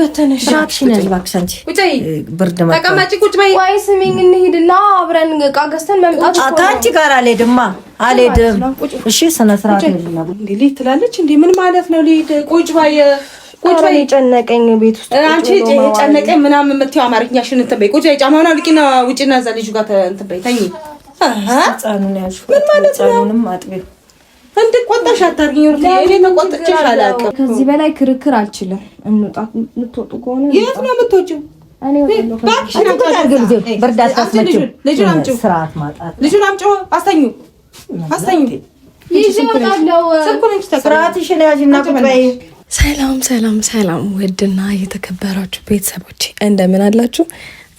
ገተነሽ እባክሽን ያዝ ብርድ መጣ ቁጭ በይ ወይ ስሚኝ እንሂድና አብረን ዕቃ ገዝተን መምጣት ከአንቺ ጋር አልሄድማ አልሄድም እሺ ስነ ስርዓት ልሂድ ትላለች እንዴ ምን ማለት ነው ልሂድ ቁጭ በይ ቁጭ በይ የጨነቀኝ ቤት ውስጥ አንቺ የጨነቀኝ ምናምን የምትይው አማርኛሽን እንትን በይ ቁጭ በይ ጫማውን አውልቂና ውጪና እዛ ልጁ ጋር እንትን በይ ተኚ ምን ማለት ነው እንድቆጣሽ አታርጊኝ። እኔ ተቆጥቼሽ አላውቅም። ከዚህ በላይ ክርክር አልችልም። እንውጣ። የምትወጡ ከሆነ የት ነው የምትወጪው? ሰላም ሰላም ሰላም። ውድና የተከበራችሁ ቤተሰቦች እንደምን አላችሁ?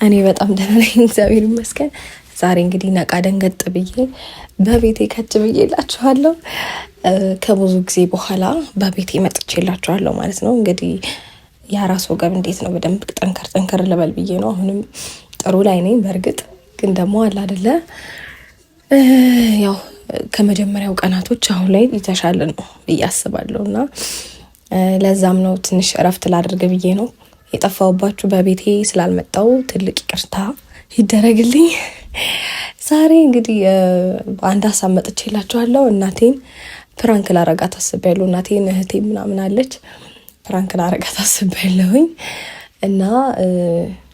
እኔ በጣም ደህና ነኝ፣ እግዚአብሔር ይመስገን። ዛሬ እንግዲህ ነቃ ደንገጥ ብዬ በቤቴ ከች ብዬ ላችኋለሁ። ከብዙ ጊዜ በኋላ በቤቴ መጥቼ ላችኋለሁ ማለት ነው። እንግዲህ የአራስ ወገብ እንዴት ነው? በደንብ ጠንከር ጠንከር ልበል ብዬ ነው። አሁንም ጥሩ ላይ ነኝ። በእርግጥ ግን ደግሞ አለ አይደለ ያው ከመጀመሪያው ቀናቶች አሁን ላይ የተሻለ ነው ብዬ አስባለሁ እና ለዛም ነው ትንሽ እረፍት ላደርግ ብዬ ነው የጠፋውባችሁ በቤቴ ስላልመጣው ትልቅ ይቅርታ ይደረግልኝ። ዛሬ እንግዲህ አንድ ሀሳብ መጥቼላችኋለሁ። እናቴን ፕራንክ ላረጋት አስቤያለሁ። እናቴን እህቴ ምናምን አለች፣ ፕራንክ ላረጋት አስቤያለሁኝ እና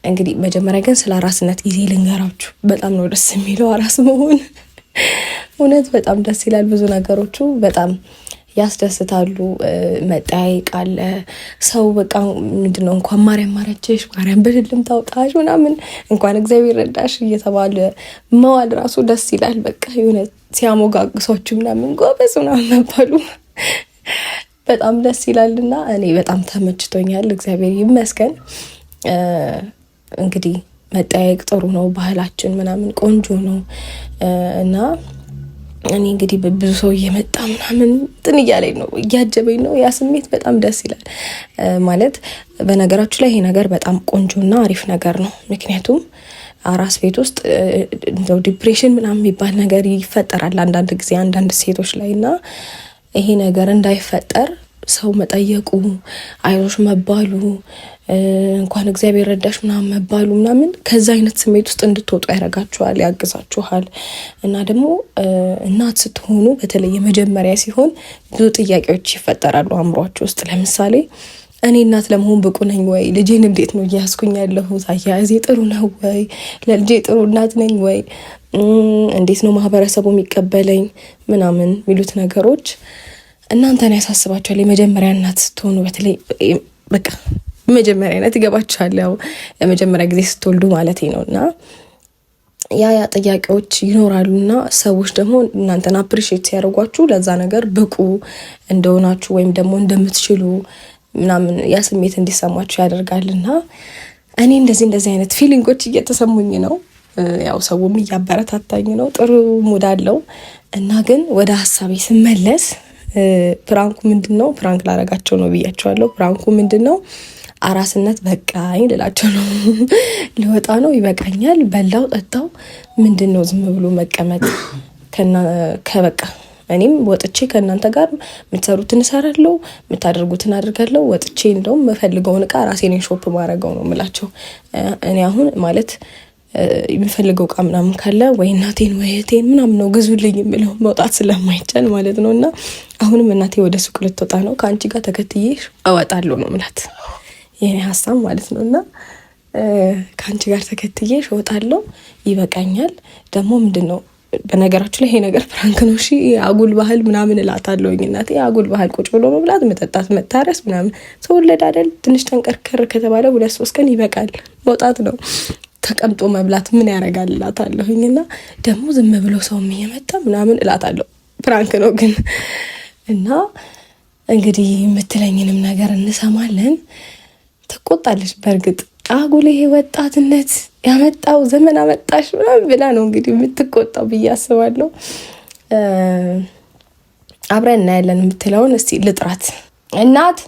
እንግዲህ መጀመሪያ ግን ስለ አራስነት ጊዜ ልንገራችሁ። በጣም ነው ደስ የሚለው አራስ መሆን እውነት በጣም ደስ ይላል። ብዙ ነገሮቹ በጣም ያስደስታሉ። መጠያየቅ አለ። ሰው በቃ ምንድነው እንኳን ማርያም ማረችሽ፣ ማርያም በድልም ታውጣሽ ምናምን እንኳን እግዚአብሔር ረዳሽ እየተባለ መዋል ራሱ ደስ ይላል። በቃ የሆነ ሲያሞጋግሶች ምናምን ጎበዝ ምናምን መባሉ በጣም ደስ ይላል እና እኔ በጣም ተመችቶኛል። እግዚአብሔር ይመስገን። እንግዲህ መጠያየቅ ጥሩ ነው፣ ባህላችን ምናምን ቆንጆ ነው እና እኔ እንግዲህ ብዙ ሰው እየመጣ ምናምን እንትን እያለኝ ነው እያጀበኝ ነው። ያ ስሜት በጣም ደስ ይላል። ማለት በነገራችሁ ላይ ይሄ ነገር በጣም ቆንጆና አሪፍ ነገር ነው። ምክንያቱም አራስ ቤት ውስጥ እንደው ዲፕሬሽን ምናምን የሚባል ነገር ይፈጠራል አንዳንድ ጊዜ አንዳንድ ሴቶች ላይ እና ይሄ ነገር እንዳይፈጠር ሰው መጠየቁ አይዞሽ መባሉ እንኳን እግዚአብሔር ረዳሽ ምናምን መባሉ ምናምን ከዛ አይነት ስሜት ውስጥ እንድትወጡ ያረጋችኋል፣ ያግዛችኋል። እና ደግሞ እናት ስትሆኑ በተለይ የመጀመሪያ ሲሆን ብዙ ጥያቄዎች ይፈጠራሉ አእምሯችሁ ውስጥ። ለምሳሌ እኔ እናት ለመሆን ብቁ ነኝ ወይ? ልጄን እንዴት ነው እያያዝኩኝ ያለሁት? አያያዜ ጥሩ ነው ወይ? ለልጄ ጥሩ እናት ነኝ ወይ? እንዴት ነው ማህበረሰቡ የሚቀበለኝ? ምናምን የሚሉት ነገሮች እናንተን ያሳስባችኋል። የመጀመሪያ እናት ስትሆኑ በተለይ በቃ መጀመሪያ አይነት እገባችኋለሁ መጀመሪያ ጊዜ ስትወልዱ ማለት ነው። እና ያ ያ ጥያቄዎች ይኖራሉ እና ሰዎች ደግሞ እናንተን አፕሪሼት ሲያደርጓችሁ ለዛ ነገር ብቁ እንደሆናችሁ ወይም ደግሞ እንደምትችሉ ምናምን ያ ስሜት እንዲሰማችሁ ያደርጋል። እና እኔ እንደዚህ እንደዚህ አይነት ፊሊንጎች እየተሰሙኝ ነው። ያው ሰውም እያበረታታኝ ነው። ጥሩ ሙድ አለው እና ግን ወደ ሀሳቤ ስመለስ ፕራንኩ ምንድን ነው? ፕራንክ ላረጋቸው ነው ብያቸዋለሁ። ፕራንኩ ምንድን ነው? አራስነት በቃኝ ልላቸው ነው። ልወጣ ነው፣ ይበቃኛል። በላው ጠጣው፣ ምንድን ነው ዝም ብሎ መቀመጥ ከበቃ እኔም ወጥቼ ከእናንተ ጋር የምትሰሩትን እሰራለሁ፣ የምታደርጉትን አድርጋለሁ። ወጥቼ እንደውም የምፈልገውን እቃ ራሴን ሾፕ ማድረገው ነው የምላቸው። እኔ አሁን ማለት የሚፈልገው እቃ ምናምን ካለ ወይ እናቴን ወይ እህቴን ምናምን ነው ግዙልኝ የምለው መውጣት ስለማይቻል ማለት ነው። እና አሁንም እናቴ ወደ ሱቅ ልትወጣ ነው፣ ከአንቺ ጋር ተከትዬ እወጣለሁ ነው ምላት የኔ ሀሳብ ማለት ነው እና ከአንቺ ጋር ተከትዬ እወጣለሁ። ይበቃኛል። ደግሞ ምንድን ነው በነገራችሁ ላይ ይሄ ነገር ፍራንክ ነው እሺ፣ አጉል ባህል ምናምን እላታለሁኝ እናቴ። አጉል ባህል ቁጭ ብሎ መብላት፣ መጠጣት፣ መታረስ ምናምን ሰው ወለድ አይደል? ትንሽ ተንቀርከር ከተባለ ሁለት ሶስት ቀን ይበቃል፣ መውጣት ነው። ተቀምጦ መብላት ምን ያደርጋል እላታለሁኝ። እና ደግሞ ዝም ብሎ ሰው እየመጣ ምናምን እላታለሁ። ፍራንክ ነው ግን እና እንግዲህ የምትለኝንም ነገር እንሰማለን። ትቆጣለች። በእርግጥ አጉል ይሄ ወጣትነት ያመጣው ዘመን አመጣሽ ምናምን ብላ ነው እንግዲህ የምትቆጣው ብዬ አስባለሁ። አብረን እናያለን የምትለውን እስቲ ልጥራት። እናት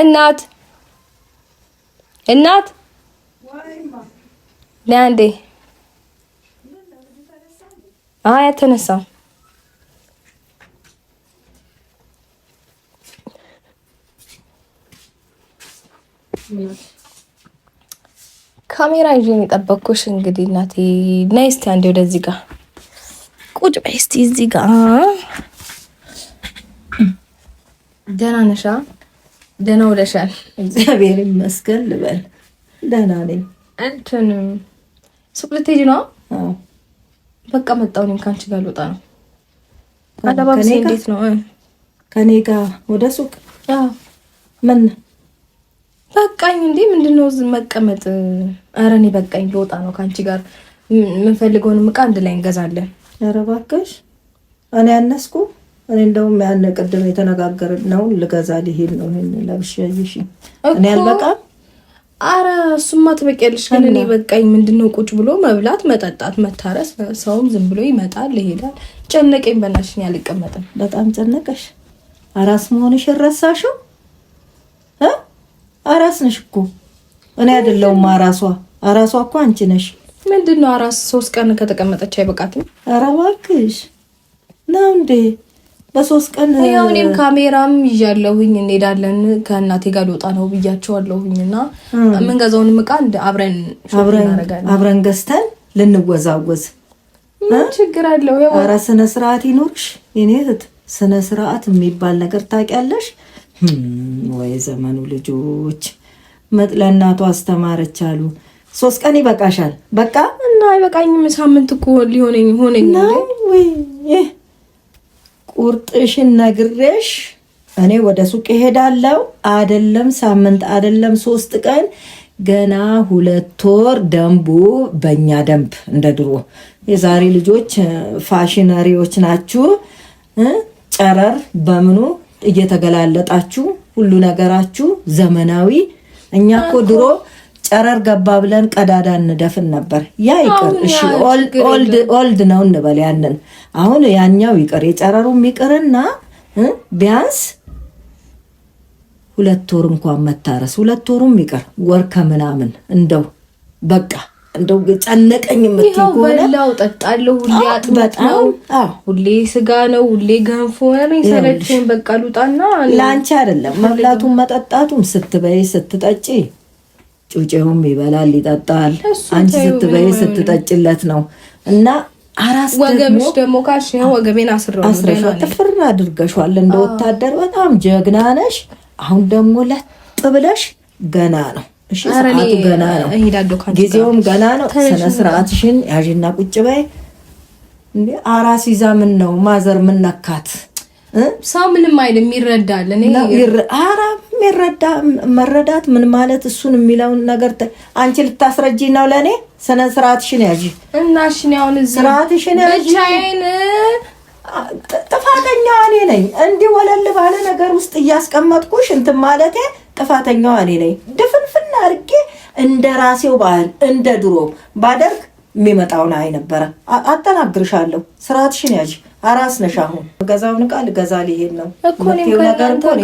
እናት እናት ለአንዴ አይ አልተነሳም። ካሜራ ይዤ ነው የጠበኩሽ። እንግዲህ እናቴ ነይ እስቲ አንዴ ወደዚህ ጋ ቁጭ በይ እስቲ እዚህ ጋር። ደህና ነሻ? ደህና ውለሻል? እግዚአብሔር ይመስገን ልበል። ደህና ነኝ። እንትን ሱቅ ልትሄጂ ነው? በቃ መጣሁ። እኔም ከአንቺ ጋር ልወጣ ነው። አለባበሴ እንዴት ነው? ከኔ ጋር ወደ ሱቅ ምን በቃኝ እንዴ! ምንድነው መቀመጥ? ኧረ እኔ በቃኝ፣ ልወጣ ነው። ከአንቺ ጋር የምንፈልገውንም እቃ አንድ ላይ እንገዛለን። ኧረ እባክሽ፣ እኔ ያነስኩ እኔ እንደውም ያን ቅድም የተነጋገርነውን ልገዛ ሊሄድ ነው። ይሄን ለብሽ ያይሽ እኔ አልበቃም። አረ እሱማ ትበቂያለሽ፣ ግን እኔ በቃኝ። ምንድነው ቁጭ ብሎ መብላት፣ መጠጣት፣ መታረስ። ሰውም ዝም ብሎ ይመጣል ይሄዳል። ጨነቀኝ፣ በእናትሽ እኔ አልቀመጥም። በጣም ጨነቀሽ? አራስ መሆንሽ ረሳሽው? አራስ ነሽ እኮ እኔ አይደለሁም አራሷ። አራሷ እኮ አንቺ ነሽ። ምንድን ነው አራስ ሶስት ቀን ከተቀመጠች አይበቃትም? ኧረ እባክሽ ነው እንዴ? በሶስት ቀን ያው እኔም ካሜራም ይዣለሁኝ እንሄዳለን። ከእናቴ ጋር ልወጣ ነው ብያቸዋለሁኝ እና የምንገዛውን ዕቃ አብረን አብረን ገዝተን ልንወዛወዝ ችግር አለው? ኧረ ስነ ስርዓት ይኖርሽ የኔ እህት። ስነ ስርዓት የሚባል ነገር ታውቂያለሽ? ወይ ዘመኑ ልጆች መጥለናቱ አስተማረች አሉ። ሶስት ቀን ይበቃሻል በቃ እና አይበቃኝም። ሳምንት እኮ ሊሆነኝ ሆነኝ። ቁርጥሽን ነግሬሽ እኔ ወደ ሱቅ እሄዳለሁ። አደለም ሳምንት አደለም ሶስት ቀን ገና ሁለት ወር ደንቡ በእኛ ደንብ እንደ ድሮ የዛሬ ልጆች ፋሽነሪዎች ናችሁ። ጨረር በምኑ እየተገላለጣችሁ ሁሉ ነገራችሁ ዘመናዊ። እኛ እኮ ድሮ ጨረር ገባ ብለን ቀዳዳ እንደፍን ነበር። ያ ይቅር፣ እሺ ኦልድ ነው እንበል ያንን። አሁን ያኛው ይቅር፣ የጨረሩም ይቅርና ቢያንስ ሁለት ወር እንኳን መታረስ፣ ሁለት ወሩም ይቅር ወር ከምናምን እንደው በቃ እንደው ጨነቀኝ የምትይው ከሆነ በላው ጠጣለሁ። ሁሌ አጥበት ነው፣ ሁሌ ስጋ ነው፣ ሁሌ ገንፎ ነው። ሰለችኝ በቃ ልውጣና ለአንቺ አይደለም መብላቱም መጠጣቱም ስትበይ ስትጠጪ ጩጬውም ይበላል ይጠጣል። አንቺ ስትበይ ስትጠጭለት ነው እና አራስ ወገብሽ ደግሞ ካሽ ወገቤን አስረው አስረሽ ጥፍር አድርገሻል። እንደ ወታደር በጣም ጀግና ነሽ። አሁን ደግሞ ለጥ ብለሽ ገና ነው እሺ፣ ሰዓቱ ገና ነው፣ ጊዜውም ገና ነው። ስነ ስርዓትሽን ያዥና ቁጭ በይ። እንዴ አራስ ይዛ ምን ነው ማዘር ምን ነካት? ሰው ምንም አይልም፣ ይረዳል። እኔ ኧረ የሚረዳ መረዳት ምን ማለት እሱን የሚለውን ነገር አንቺ ልታስረጂ ነው ለእኔ። ስነ ስርዓትሽን ያዥ እና እሺ፣ አሁን ስርዓትሽን ያዥ። ጥፋተኛ እኔ ነኝ። እንዲህ ወለል ባለ ነገር ውስጥ እያስቀመጥኩሽ እንትን ማለቴ ጥፋተኛው እኔ ነኝ። ድፍንፍን አድርጌ እንደ ራሴው ባህል እንደ ድሮ ባደርግ የሚመጣውን አይ ነበረ። አጠናግርሻለሁ። ስርዓትሽን ያዥ። አራስ ነሽ። አሁን ገዛውን ቃል ገዛ ሊሄድ ነው ነገር እኮ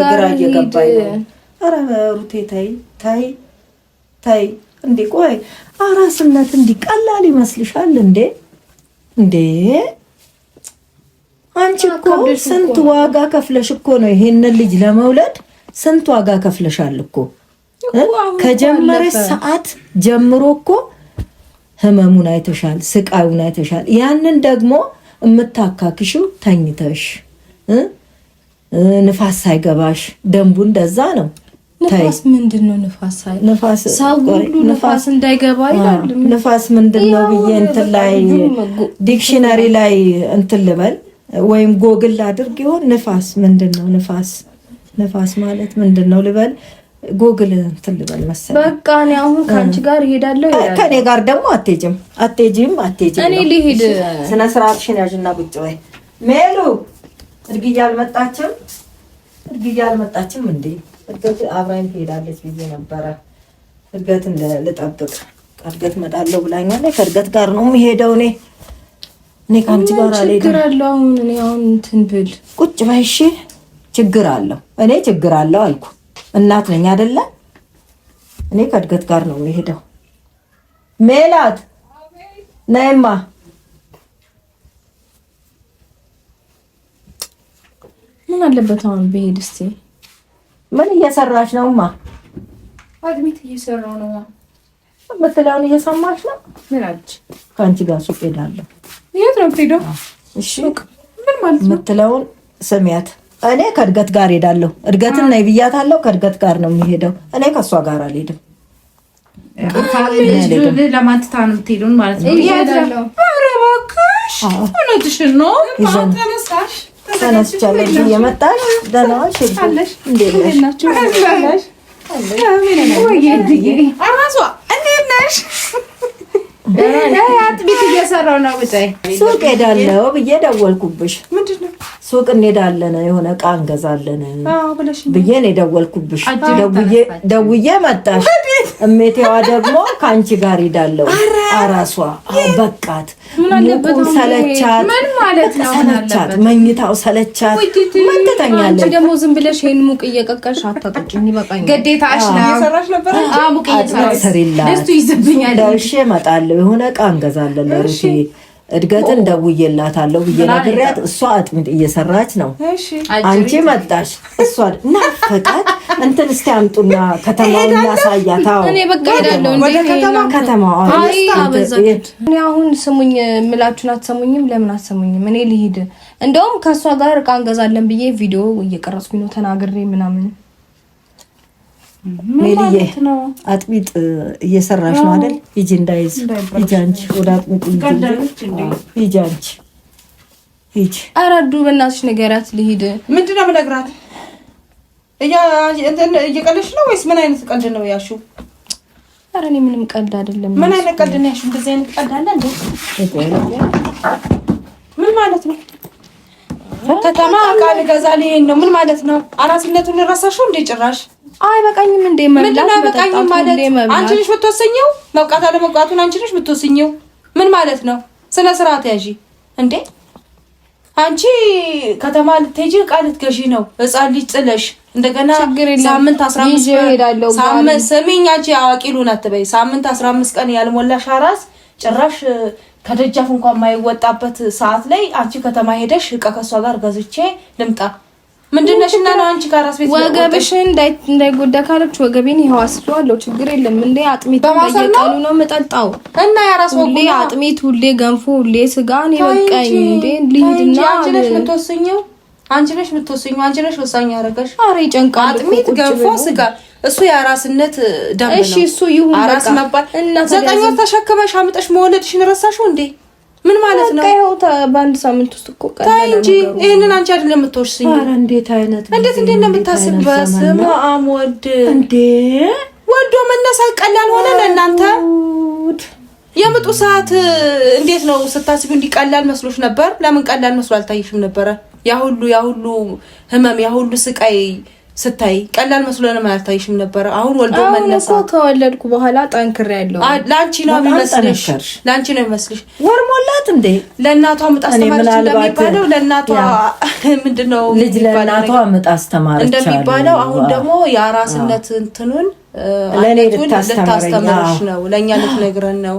ግራ እየገባኝ ነው። ኧረ ሩቴ ተይ ተይ ተይ። እንዴ ቆይ አራስነት እንዲህ ቀላል ይመስልሻል እንዴ? እንዴ አንቺ እኮ ስንት ዋጋ ከፍለሽ እኮ ነው ይሄንን ልጅ ለመውለድ ስንት ዋጋ ከፍለሻል እኮ ከጀመረ ሰዓት ጀምሮ እኮ ህመሙን አይተሻል፣ ስቃዩን አይተሻል። ያንን ደግሞ የምታካክሽው ተኝተሽ ንፋስ ሳይገባሽ ደንቡ እንደዛ ነው። ንፋስ ምንድን ነው? ንፋስ ሰው ሁሉ ንፋስ እንዳይገባ ይላል። ንፋስ ምንድን ነው ብዬ እንትን ላይ ዲክሽነሪ ላይ እንትን ልበል ወይም ጎግል አድርግ ይሆን? ንፋስ ምንድን ነው? ንፋስ ነፋስ ማለት ምንድን ነው ልበል ጎግል እንትን ልበል መሰለኝ። በቃ እኔ አሁን ከአንቺ ጋር እሄዳለሁ። ከእኔ ጋር ደግሞ አትሄጂም፣ አትሄጂም፣ አትሄጂም። እኔ ልሂድ። ስነ ስርዓትሽን ያዥና ቁጭ በይ። ሜሉ እርግዬ አልመጣችም፣ እርግዬ አልመጣችም። እንደ እርገት አብራኝ ትሄዳለች ብዬ ነበረ። እርገትን ልጠብቅ ከእርገት እመጣለሁ ብላኛለ። ከእርገት ጋር ነው የሚሄደው እኔ እኔ ከአንቺ ጋር አልሄድም። ችግር አለው። አሁን እኔ አሁን እንትን ብል ቁጭ በይ እሺ ችግር አለው። እኔ ችግር አለው አልኩ። እናት ነኝ አይደለ? እኔ ከእድገት ጋር ነው የሄደው። ሜላት ነይማ፣ ምን አለበት አሁን ብሄድ? እስቲ ምን እየሰራች ነውማ? አድሚት እየሰራው ነው የምትለውን እየሰማች ነው። ምን አለች? ከአንቺ ጋር ሱቅ ሄዳለሁ። የት ነው ሄደው? ምን ማለት ነው የምትለውን ስሚያት እኔ ከእድገት ጋር ሄዳለሁ። እድገትን ነይ ብያታለሁ። ከእድገት ጋር ነው የሚሄደው። እኔ ከእሷ ጋር አልሄድም። ለማትታ ነው ማለት ነው። ነው። አጥቢት እየሰራው ነው። ሱቅ ሄዳለሁ ብዬ ደወልኩብሽ። ሱቅ እንሄዳለን የሆነ እቃ እንገዛለን ብዬ ነው የደወልኩብሽ። ደውዬ መጣሽ። እሜቴዋ ደግሞ ከአንቺ ጋር ሄዳለሁ እራሷ በቃት። ሙቁ ሰለቻት፣ ሰለቻት፣ መኝታው ሰለቻት። ምን ትተኛለች ደግሞ? ዝም ብለሽ ይሄን ሙቅ እየቀቀልሽ አታጠጪኝ። ይበቃኛል። ግዴታሽ ነው። ሙቅ ይዘብኛል። እሺ እመጣለሁ። የሆነ ዕቃ እንገዛለን ለሩቴ እድገትን ደውዬላታለሁ ብዬ ነግሬያት፣ እሷ አጥሚት እየሰራች ነው። አንቺ መጣሽ፣ እሷ እና ፈቃድ እንትን እስኪ አምጡና ከተማውን ያሳያት። ወደ ከተማ ከተማ አሁን ስሙኝ ምላችሁን አትሰሙኝም። ለምን አትሰሙኝም? እኔ ልሂድ። እንደውም ከእሷ ጋር እቃ እንገዛለን ብዬ ቪዲዮ እየቀረጽኩኝ ነው ተናግሬ ምናምን ሜልዬ አጥሚጥ እየሰራሽ ነው አይደል? ሂጂ እንዳይዝ ሂጂ አንቺ ወደ አጥሚጥ ሂጂ አንቺ ሂጂ። ኧረ ዱ በእናትሽ ንገሪያት ልሂድ። ምንድን ነው የምነግራት? እየቀለድሽ ነው ወይስ ምን አይነት ቀልድ ነው ያልሺው? ኧረ እኔ ምንም ቀልድ አይደለም። ምን አይነት ቀልድ ነው ያልሺው? እንደዚህ አይነት ቀልድ አለ እንዴ? ምን ማለት ነው? ከተማ ዕቃ ልገዛ ልሄድ ነው። ምን ማለት ነው? አራስነቱን ረሳሽው እንዴ ጭራሽ አይበቃኝም እንዴ መብላት አይበቃኝም ማለት አንቺ ነሽ የምትወሰኘው መብቃት አለመብቃቱን አንቺ ነሽ የምትወሰኘው ምን ማለት ነው ስነ ስርዓት ያዢ እንዴ አንቺ ከተማ ልትሄጂ ዕቃ ልትገዢ ነው ህፃን ልጅ ጥለሽ እንደገና ሳምንት 15 ቀን ሳምንት ስሚኝ አንቺ አዋቂ ሉን አትበይ ሳምንት 15 ቀን ያልሞላሽ አራስ ጭራሽ ከደጃፍ እንኳን የማይወጣበት ሰዓት ላይ አንቺ ከተማ ሄደሽ ዕቃ ከሷ ጋር ገዝቼ ልምጣ ምንድነሽና ነው አንቺ ቤት ወገብሽን እንዳይጎዳ ካለች ወገቤን ይኸው አስቸዋለሁ። ችግር የለም እንዴ አጥሚት በየቀኑ ነው የምጠጣው እና ያራስ ወጉ ሁሌ አጥሚት፣ ሁሌ ገንፎ፣ ሁሌ ስጋ ነው በቃኝ። እንዴ ልሂድና አንቺ ነሽ የምትወስኝው፣ አንቺ ነሽ የምትወስኝው፣ አንቺ ነሽ ወሳኝ አረ አጥሚት፣ ገንፎ፣ ስጋ እሱ የአራስነት ነው። እሺ እሱ ይሁን አራስ መባል እና ዘጠኝ ወር ተሸክመሽ አምጠሽ መወለድሽን ረሳሽው እንዴ? ምን ማለት ነው? ይኸው በአንድ ሳምንት ውስጥ እኮ ታይ እንጂ ይህንን አንቺ አይደለም የምትወርስኝ። እንዴት አይነት እንዴት እንዴ ነው የምታስበው? ስማ እንዴ ወዶ መነሳት ቀላል ሆነ ለእናንተ? የምጡ ሰዓት እንዴት ነው ስታስቢው? እንዲቀላል መስሎሽ ነበር? ለምን ቀላል መስሎ አልታይሽም ነበረ? ያ ሁሉ ያ ሁሉ ህመም ያ ሁሉ ስቃይ ስታይ ቀላል መስሎ ለምን አልታይሽም ነበረ? አሁን ወልዶ መነሳ እኮ ከወለድኩ በኋላ ጠንክሬ ያለው ላንቺ ነው የሚመስልሽ፣ ላንቺ ነው የሚመስልሽ። ወር ሞላት እንዴ? ለእናቷ ምጣ አስተማረች እንደሚባለው ለእናቷ ምንድን ነው ልጅ ለእናቷ ምጣ አስተማረች እንደሚባለው፣ አሁን ደግሞ የአራስነት እንትኑን ለእኔ ልታስተምርሽ ነው፣ ለእኛ ልትነግረን ነው።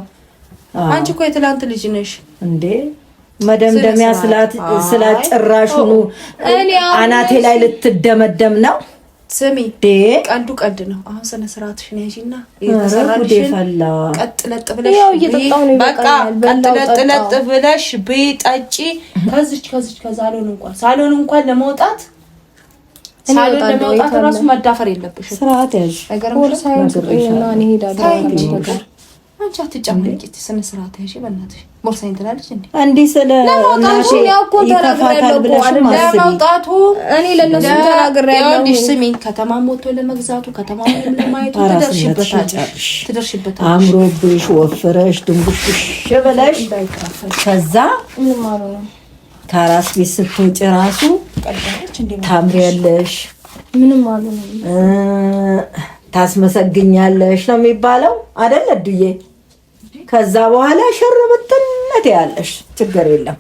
አንቺ እኮ የትላንት ልጅ ነሽ እንዴ መደምደሚያ ስላጭራሹኑ አናቴ ላይ ልትደመደም ነው። ስሚ ቀንዱ ቀልድ ነው። አሁን ስነ ስርዓትሽን ያዢና ቀጥለጥ ብለሽ ብይ ጠጪ። ከዚች ከዚች ከሳሎን እንኳን ሳሎን እንኳን ለመውጣት ሳሎን ለመውጣት መዳፈር የለብሽም። ስርዓት ያዥ ነገር አንቺ አትጨማቂ፣ ስነ ስርዓት ያሽ በእናትሽ ቦርሳዬን ትላለች እንዴ! ስለ ተናግሬያለሁ። እኔ ለነሱ ተናግሬያለሁ። ስሜን ለመግዛቱ ለማየቱ ትደርሽበታለሽ፣ ትደርሽበታለሽ። አምሮብሽ፣ ወፍረሽ፣ ድንጉሽሽ ከዛ ከአራስ ቤት ስትወጪ ራሱ ታምሪያለሽ፣ ምንም አሉ ታስመሰግኛለሽ ነው የሚባለው አደለ ዱዬ? ከዛ በኋላ ሸርብትነት ያለሽ ችግር የለም።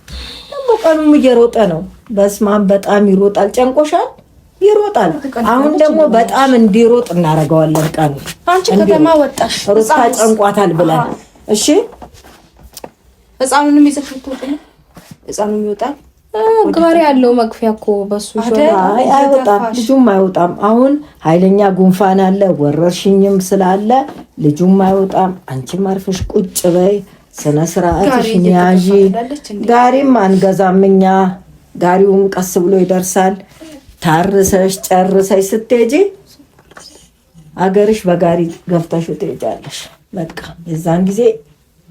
ደግሞ ቀኑም እየሮጠ ነው። በስማም በጣም ይሮጣል። ጨንቆሻል፣ ይሮጣል። አሁን ደግሞ በጣም እንዲሮጥ እናደርገዋለን። ቀኑ አንቺ ከተማ ወጣሽ፣ ሩታ ጨንቋታል ብለን እሺ፣ ህፃኑንም ይዘሽ ትወጥ ነው ህፃኑም ይወጣል ጋሪ ያለው መግፊያ እኮ በሱ አይወጣም፣ ልጁም አይወጣም። አሁን ኃይለኛ ጉንፋን አለ፣ ወረርሽኝም ስላለ ልጁም አይወጣም። አንቺም አርፈሽ ቁጭ በይ፣ ስነ ስርዓትሽን ያዢ። ጋሪም አንገዛም እኛ፣ ጋሪውም ቀስ ብሎ ይደርሳል። ታርሰሽ ጨርሰሽ ስትሄጂ አገርሽ በጋሪ ገፍተሽ ትሄጃለሽ። በቃ የዛን ጊዜ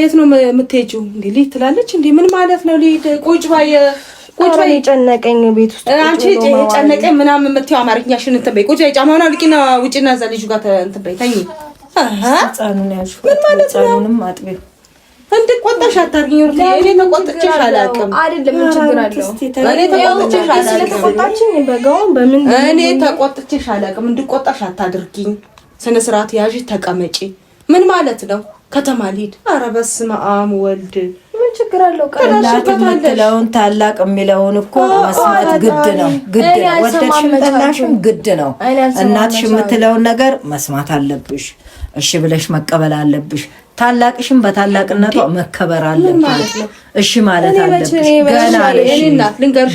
የት ነው የምትሄጂው? እንዴ ልሂድ ትላለች። እንዴ ምን ማለት ነው ልሂድ? ቁጭ ባየ ቁጭ ባየ ጨነቀኝ። ቤት ውስጥ አንቺ የጨነቀኝ ምናምን የምትይው አማርኛሽን እንትን በይ። ቁጭ ባይ ጫማውን አውልቂና ውጪና እዛ ልጁ ጋር እንትን በይ ተኝ። አሃ ህፃኑን ያልሽው ምን ማለት ነው? ህፃኑንም አጥቢው እንድቆጣሽ አታርጊኝ። እኔ ተቆጥቼሽ አላውቅም። አይደለም ምን ችግር አለው? እኔ ተቆጥቼሽ አላውቅም። እንድቆጣሽ አታድርጊኝ። ስነ ስርዓት ያዥ፣ ተቀመጪ። ምን ማለት ነው? ከተማ ልሂድ። ኧረ በስመ አብ ወልድ ችግር አለው። እናት የምትለውን ታላቅ የሚለውን እኮ መስማት ግድ ነው፣ ግድ ነው። ወደድሽም ጠላሽም ግድ ነው። እናትሽ የምትለውን ነገር መስማት አለብሽ። እሺ ብለሽ መቀበል አለብሽ። ታላቅሽም በታላቅነቷ መከበር አለብሽ። እሺ ማለት አለብሽ።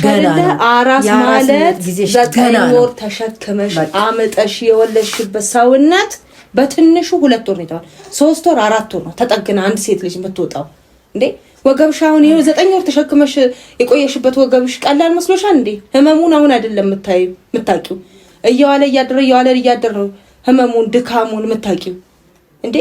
ገና ገና አራስ ማለት ዘጠኝ ወር ተሸክመሽ አመጠሽ የወለድሽበት ሰውነት በትንሹ ሁለት ወር ነው ሶስት ወር አራት ወር ነው ተጠግና አንድ ሴት ልጅ የምትወጣው እንዴ። ወገብሽ አሁን ይኸው ዘጠኝ ወር ተሸክመሽ የቆየሽበት ወገብሽ ቀላል መስሎሻል እንዴ? ህመሙን አሁን አይደለም የምታውቂው፣ እየዋለ እያደረ እየዋለ እያደረ ህመሙን ድካሙን የምታውቂው እንዴ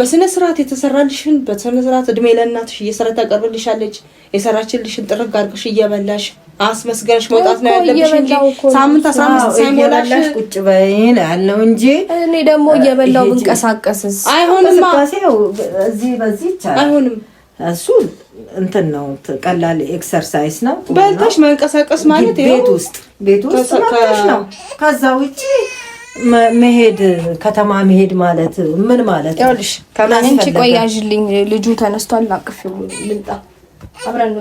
በስነ ስርዓት የተሰራልሽን በስነ ስርዓት እድሜ ለእናትሽ እየሰራ ታቀርብልሻለች። የሰራችልሽን ጥርግ አድርግሽ እየበላሽ አስመስገንሽ መውጣት ነው ያለብሽ እንጂ ሳምንት አስራ አምስት ሳይሞላሽ ቁጭ በይን ያለው እንጂ እኔ ደግሞ እየበላው ብንቀሳቀስስ አይሆንም። እዚህ በዚህ ይቻላል። አይሆንም። እሱ እንትን ነው ቀላል ኤክሰርሳይዝ ነው። በልተሽ መንቀሳቀስ ማለት ቤት ውስጥ ቤት ውስጥ ነው። ከዛ ውጪ መሄድ ከተማ መሄድ ማለት ምን ማለት ነው? ይኸውልሽ አንቺ ቆይ ያዥልኝ፣ ልጁ ተነስቷል፣ ላቅፍ ልምጣ፣ አብረን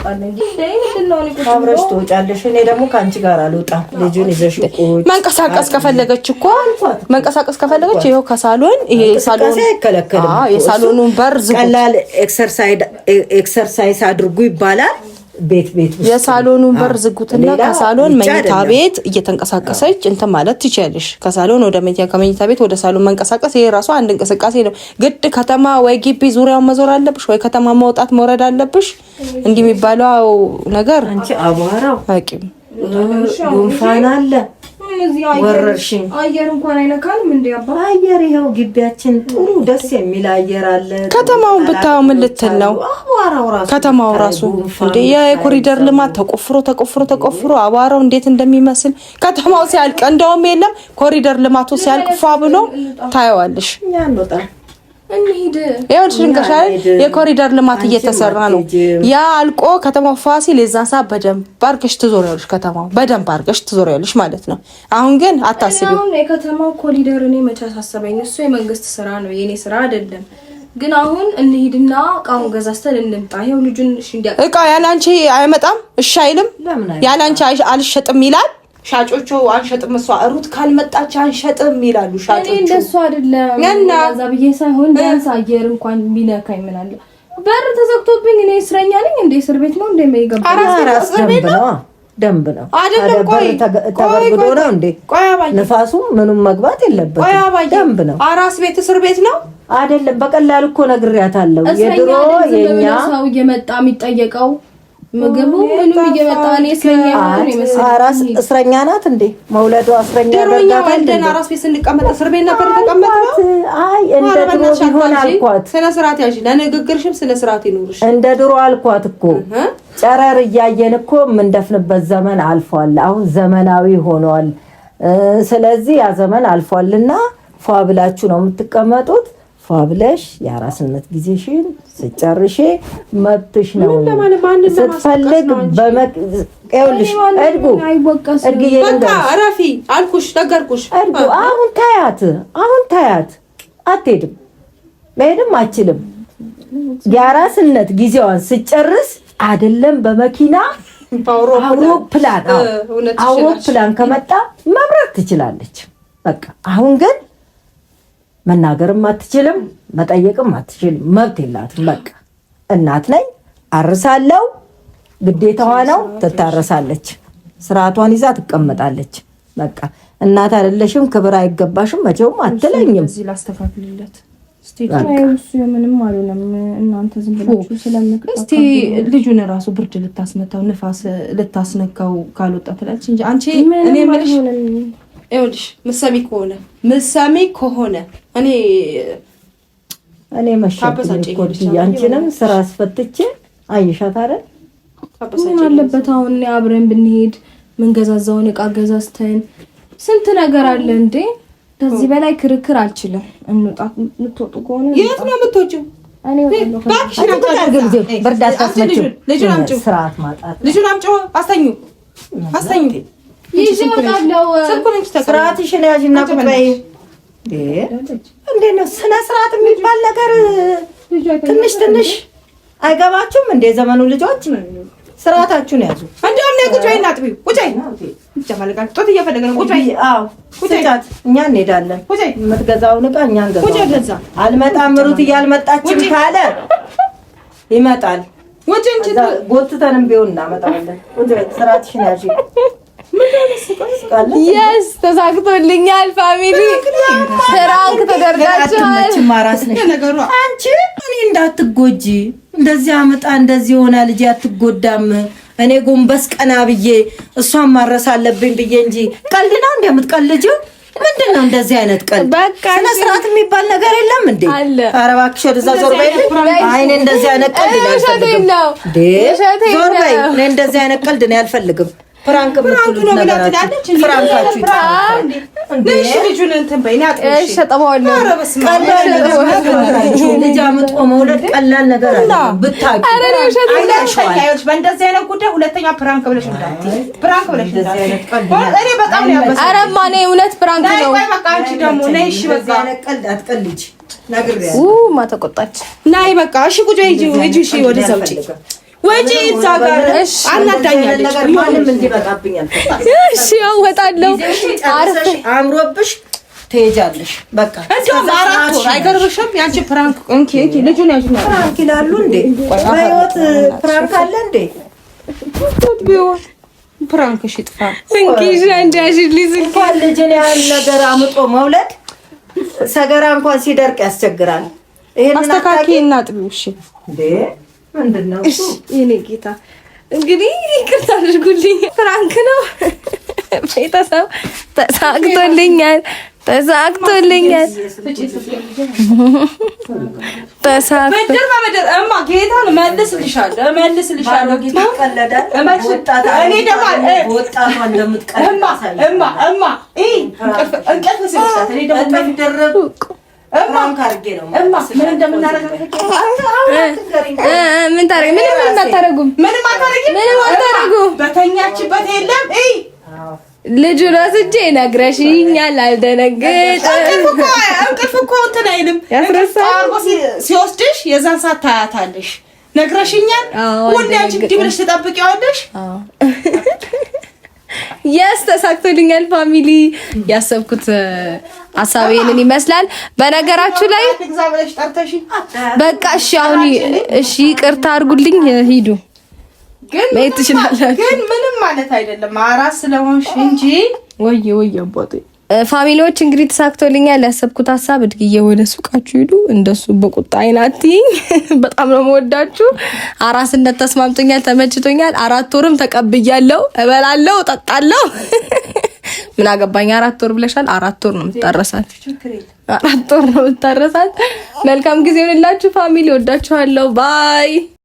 ትወጫለሽ፣ እኔ ደግሞ ከአንቺ ጋር አልወጣም። ልጁን ይዘሽ መንቀሳቀስ ከፈለገች እኮ መንቀሳቀስ ከፈለገች ይኸው ከሳሎን ይሄ ሳሎን አይከለከልም። የሳሎኑን በር ዝጉ። ቀላል ኤክሰርሳይዝ አድርጉ ይባላል የሳሎኑን በር ዝጉትና ከሳሎን መኝታ ቤት እየተንቀሳቀሰች እንትን ማለት ትችያለሽ። ከሳሎን ወደ መኝታ ከመኝታ ቤት ወደ ሳሎን መንቀሳቀስ ይሄ ራሱ አንድ እንቅስቃሴ ነው። ግድ ከተማ ወይ ግቢ ዙሪያውን መዞር አለብሽ ወይ ከተማ መውጣት መውረድ አለብሽ። እንዲህ የሚባለው ነገር አንቺ አቧራው ጉንፋን አለ ወረርሽኝ አየር እንኳን አይነካልም። እንደ አባ አየር ይኸው ግቢያችን ጥሩ ደስ የሚል አየር አለ። ከተማውን ብታየው ምን ልትል ነው? ከተማው ራሱ እንደ የኮሪደር ልማት ተቆፍሮ ተቆፍሮ ተቆፍሮ አቧራው እንዴት እንደሚመስል ከተማው ሲያልቅ እንደውም የለም ኮሪደር ልማቱ ሲያልቅ ፏ ብሎ ታየዋለሽ። ይኸውልሽ ልንገርሻል፣ የኮሪደር ልማት እየተሰራ ነው። ያ አልቆ ከተማው ፋሲል የዛን ሰዓት በደንብ አድርገሽ ትዞሪያለሽ። ከተማው በደንብ አድርገሽ ትዞሪያለሽ ማለት ነው። አሁን ግን አታስቢ። አሁን የከተማው ኮሪደር እኔ መቼ አሳሰበኝ? እሱ የመንግስት ስራ ነው፣ የኔ ስራ አይደለም። ግን አሁን እንሂድና እቃውን ገዛስተን እንምጣ። ይኸው ልጁን እሺ፣ እንዲያ እቃ ያላንቺ አይመጣም፣ እሺ አይልም፣ ያላንቺ አልሸጥም ይላል ሻጮቹ አንሸጥም፣ እሷ ሩት ካልመጣች አንሸጥም ይላሉ ሻጮቹ። እኔ እንደሱ አይደለም እና እዛ ብዬ ሳይሆን ዳንስ አየር እንኳን ቢነካኝ ምን አለ በር ተዘግቶብኝ እኔ እስረኛ ነኝ እንዴ? እስር ቤት ነው እንዴ የማይገባ? እስር ቤት ነው ደንብ ነው አይደለም? ቆይ ተገርግዶ ነው እንዴ? ቆይ አባዬ፣ ንፋሱ ምኑም መግባት የለበትም። ቆይ አባዬ፣ ደንብ ነው። አራስ ቤት እስር ቤት ነው አይደለም? በቀላል እኮ ነግሬያታለሁ። የድሮ የኛ ሰው እየመጣ የሚጠየቀው ምግቡ ምንም እየመጣ እኔ እስረኛ ናት እንዴ? መውለዱ እስረኛ ድሮኛ ወልደን አራስ ቤት ስንቀመጥ እስር ቤት ነበር የተቀመጥነው። አይ እንደ ድሮ ቢሆን አልኳት። ስነ ስርዓት ያዥ፣ ለንግግርሽም ስነ ስርዓት ይኑርሽ። እንደ ድሮ አልኳት እኮ ጨረር እያየን እኮ የምንደፍንበት ዘመን አልፏል። አሁን ዘመናዊ ሆኗል። ስለዚህ ያ ዘመን አልፏልና ፏ ብላችሁ ነው የምትቀመጡት ፏብለሽ የአራስነት ጊዜሽን ስጨርሽ መብትሽ ነው። ስትፈልግ ይኸውልሽ እድጉ እረፊ አልኩሽ፣ ነገርኩሽ። እድጉ አሁን ታያት አሁን ታያት አትሄድም፣ መሄድም አችልም። የአራስነት ጊዜዋን ስጨርስ አይደለም በመኪና አውሮፕላን አውሮፕላን ከመጣ መብራት ትችላለች። በቃ አሁን ግን መናገርም አትችልም፣ መጠየቅም አትችልም። መብት የላትም። በቃ እናት ነኝ አርሳለው፣ ግዴታዋ ነው። ትታረሳለች፣ ስርዓቷን ይዛ ትቀመጣለች። በቃ እናት አይደለሽም፣ ክብር አይገባሽም፣ መቼውም አትለኝም። እስቲ ልጁን ራሱ ብርድ ልታስመታው ንፋስ ልታስነካው ካልወጣ ትላለች እንጂ አንቺ እኔ የምልሽ ምሰሚ ከሆነ ምሰሚ ከሆነ እኔ እኔ መሸኩኝ። አንቺንም ስራ አስፈትቼ አይሻት አረ ምን አለበት አሁን አብረን ብንሄድ ምንገዛዛውን እቃ ገዛዝተን ስንት ነገር አለ እንዴ። ከዚህ በላይ ክርክር አልችልም። እንውጣ። የምትወጡ ከሆነ የት ነው የምትወጪው? ስርዓት ማጣት። ልጁን አምጪው። አስተኙ አስተኙ። ይዤ እወጣለሁ። ስርዓትሽን ያዥና ቁጣዬ እንዴት ነው ስነ ስርዓት የሚባል ነገር? ትንሽ ትንሽ አይገባችሁም እንዴ? ዘመኑ ልጆች ስርዓታችሁን ያዙ። እንዲሁም ነ ቁጭ በይና አጥቢው። ቁጭ በይ ጡት እየፈለገ ነው። ቁጭ በይ ቁጭ በይ። እኛ እንሄዳለን። የምትገዛውን ዕቃ እኛ እንገዛለን። አልመጣም ሩት እያልመጣችም ካለ ይመጣል። ጎትተንም ቢሆን እናመጣለን። ቁጭ በይ ስርዓትሽን ያዢ የስ ተሳክቶልኛል። ፋሚሊ ፍራንክ ተደርጋችኋል። አንቺ እኔ እንዳትጎጂ እንደዚህ አመጣ እንደዚህ የሆነ ልጅ አትጎዳም። እኔ ጎንበስ ቀና ብዬ እሷን ማረስ አለብኝ ብዬ እንጂ ቀልድ ነው እንደምትቀልጂው ምንድን ነው እንደዚህ አይነት ቀን? ስነ ስርዓት የሚባል ነገር የለም እንዴ? ኧረ እባክሽ ወደዛ ዞር በይ። አይኔ እንደዚህ አይነት ቀልድ ነው ዞር በይ። እኔ እንደዚህ አይነት ቀልድ ነው ያልፈልግም። ፍራንክ ፍራንክ ነው ብላ ትላለች። ፍራንካችሁ ልጁን እንትን በይ እሰጠዋለሁ። ልጅ አምጦ መውለድ ቀላል ነገር ብታውቂው፣ በእንደዚህ አይነት ጉዳይ ሁለተኛ ፍራንክ ብለሽ ፍራንክ ብለሽ ኧረማ እኔ እውነት ፍራንክ ነው። በቃ አንቺ ደግሞ ነይ እሺ፣ በቃ አትቀልጂ። ነግሬያለሁ። ማተቆጣች ነይ በቃ እሺ፣ ጉጆ ሂጂ፣ እሺ ወደ እዛ ውጪ ወጪ እዛ ጋር አምሮብሽ ትሄጃለሽ። በቃ እንደውም አራት ወር አይገርምሽም? ያንቺ ፕራንክ እንኪ እንኪ ልጁን ያንቺ ፕራንክ ይላሉ እንዴ? በህይወት ፕራንክ አለ እንዴ? ቢሆን ልጅን ያህል ነገር አምጦ መውለድ ሰገራ እንኳን ሲደርቅ ያስቸግራል። ይሄን አስተካኪ እናጥቢው። እሺ ምንድነው? የኔ ጌታ እንግዲህ ይቅርታ አድርጉልኝ፣ ፍራንክ ነው። ቤተሰብ ተሳክቶልኛል፣ ተሳክቶልኛል። ተሳክቶልኛል። ምን ታደርጊ? ምንም አታደርጉም። በተኛችበት የለም ልጁ ረስቼ ነግረሽኛል። እንቅልፍ እኮ እንትን አይልም ያስረሳል። ሲወስድሽ የዛን ሰዓት ታያታለሽ። ነግረሽኛል። ወንድ አንቺ እንዲህ ብለሽ ትጠብቂዋለሽ። የስ ተሳክቶልኛል። ፋሚሊ ያሰብኩት ሀሳብ ይሄንን ይመስላል። በነገራችሁ ላይ በቃ እሺ፣ አሁን እሺ፣ ይቅርታ አድርጉልኝ። ሂዱ ግን መሄድ ምንም ማለት አይደለም አራስ ስለሆንሽ እንጂ ወይ ወይ አባቴ ፋሚሊዎች እንግዲህ ተሳክቶልኛል። ያሰብኩት ሀሳብ እድግዬ ወደ ሱቃችሁ ሂዱ። እንደሱ በቁጣ አይናትኝ። በጣም ነው መወዳችሁ። አራስነት ተስማምቶኛል፣ ተመችቶኛል። አራት ወርም ተቀብያለሁ። እበላለሁ፣ ጠጣለሁ። ምን አገባኝ። አራት ወር ብለሻል። አራት ወር ነው የምታረሳት፣ አራት ወር ነው የምታረሳት። መልካም ጊዜ ሆንላችሁ ፋሚሊ። ወዳችኋለሁ። ባይ